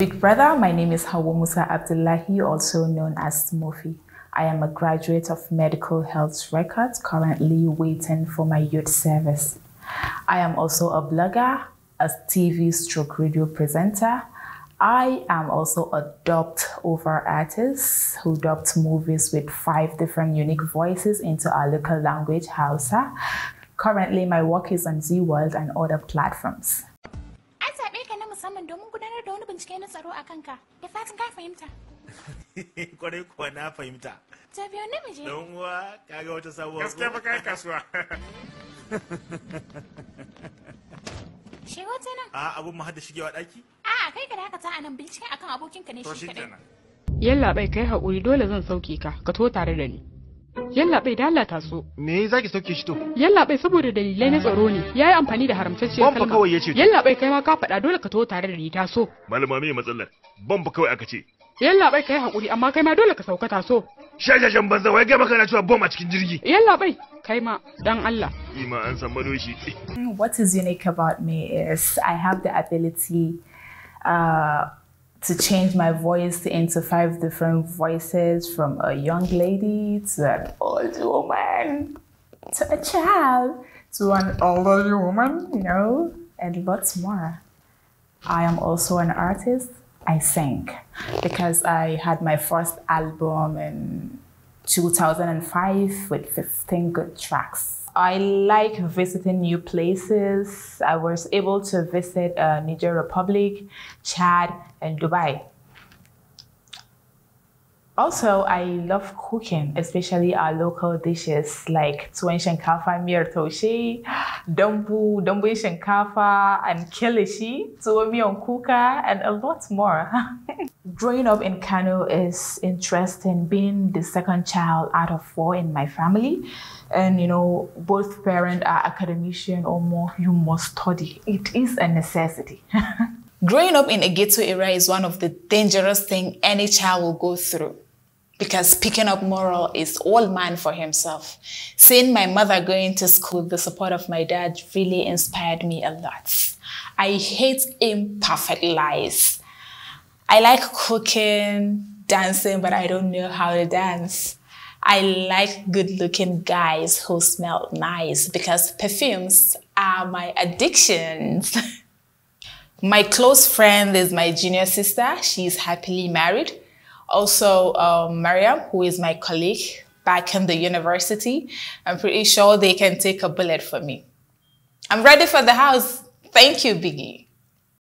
Big brother, my name is Hawa Musa Abdullahi, also known as Mofi. I am a graduate of medical health records, currently waiting for my youth service. I am also a blogger, a TV stroke radio presenter. I am also a dubbed over artist who dubbed movies with five different unique voices into our local language, Hausa. Currently, my work is on Z World and other platforms. musamman domin gudanar da wani bincike na tsaro a kanka. Da fatan ka fahimta. Kwarai kuwa na fahimta. Ta biyo namiji. Don uwa kaga wata sabuwar. Gaskiya ba kai kasuwa. Shigo ta nan. A abun mu hada shigewa daki? A a kai ka dakata a nan bincike akan abokinka ne shi kadai. Yalla bai kai hakuri dole zan sauke ka ka to tare da ni. Yalla bai lalata su. Me zaki sauke shi to? Yalla bai saboda dalilai na tsaro ne. Yayi amfani da haramtacciyar kalma. Ban kawai yace. Yalla bai kai ma ka faɗa dole ka taho tare da ni so. Malama me matsalar? Ban kawai aka ce. Yalla bai kai hakuri amma kai ma dole ka sauka taso. Shashashan banza wai ga maka na cewa bom a cikin jirgi. Yalla bai kai ma dan Allah. Ima an san shi. What is unique about me is I have the ability uh, to change my voice into five different voices from a young lady to an old woman to a child to an elderly woman, you know, and lots more. I am also an artist. I sing because I had my first album in 2005 with 15 good tracks. I like visiting new places. I was able to visit uh, Niger Republic, Chad, and Dubai. Also, I love cooking, especially our local dishes like tuwon shinkafa miyar taushe, dambu, dambun shinkafa, and kilishi, tuwon miyan kuka, and a lot more. Growing up in Kano is interesting, being the second child out of four in my family. And you know, both parents are academician or more, you must study. It is a necessity. Growing up in a ghetto area is one of the dangerous things any child will go through because picking up moral is all man for himself. Seeing my mother going to school, the support of my dad really inspired me a lot. I hate imperfect lies. I like cooking, dancing, but I don't know how to dance. I like good looking guys who smell nice because perfumes are my addictions. my close friend is my junior sister. She's happily married. Also, um, Mariam, who is my colleague back in the university, I'm pretty sure they can take a bullet for me. I'm ready for the house. Thank you, Biggie.